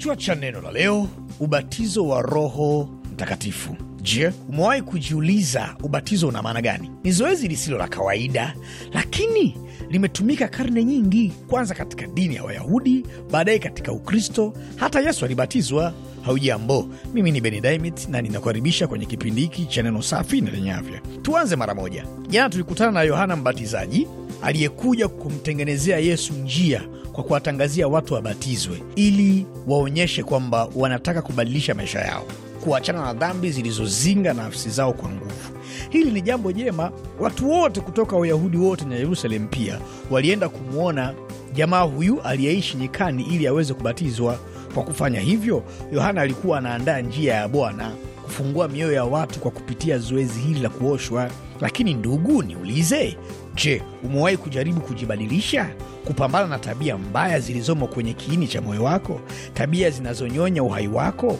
Kichwa cha neno la leo: ubatizo wa Roho Mtakatifu. Je, umewahi kujiuliza ubatizo una maana gani? Ni zoezi lisilo la kawaida, lakini limetumika karne nyingi, kwanza katika dini ya Wayahudi, baadaye katika Ukristo. Hata Yesu alibatizwa. Haujambo, mimi ni Beni Daimit na ninakukaribisha kwenye kipindi hiki cha neno safi na lenye afya. Tuanze mara moja. Jana tulikutana na Yohana Mbatizaji aliyekuja kumtengenezea Yesu njia kwa kuwatangazia watu wabatizwe ili waonyeshe kwamba wanataka kubadilisha maisha yao, kuachana na dhambi zilizozinga nafsi zao kwa nguvu. Hili ni jambo jema. Watu wote kutoka Wayahudi wote na Yerusalemu pia walienda kumwona jamaa huyu aliyeishi nyikani ili aweze kubatizwa. Kwa kufanya hivyo, Yohana alikuwa anaandaa njia ya Bwana kufungua mioyo ya watu kwa kupitia zoezi hili la kuoshwa. Lakini ndugu, niulize, je, umewahi kujaribu kujibadilisha, kupambana na tabia mbaya zilizomo kwenye kiini cha moyo wako, tabia zinazonyonya uhai wako?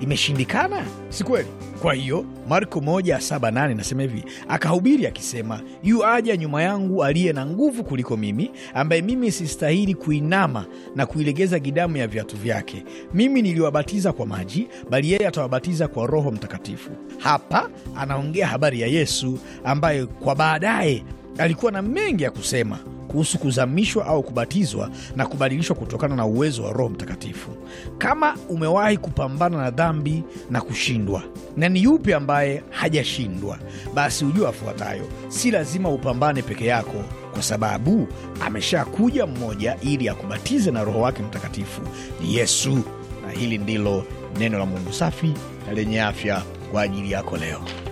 imeshindikana, si kweli? Kwa hiyo Marko 1:78 nasema hivi, akahubiri akisema, yu aja nyuma yangu aliye na nguvu kuliko mimi, ambaye mimi sistahili kuinama na kuilegeza gidamu ya viatu vyake. Mimi niliwabatiza kwa maji, bali yeye atawabatiza kwa Roho Mtakatifu. Hapa anaongea habari ya Yesu ambaye kwa baadaye alikuwa na mengi ya kusema kuhusu kuzamishwa au kubatizwa na kubadilishwa kutokana na uwezo wa Roho Mtakatifu. Kama umewahi kupambana na dhambi na kushindwa, na ni yupi ambaye hajashindwa, basi hujua afuatayo: si lazima upambane peke yako, kwa sababu ameshakuja mmoja ili akubatize na Roho wake Mtakatifu, ni Yesu. Na hili ndilo neno la Mungu safi na lenye afya kwa ajili yako leo.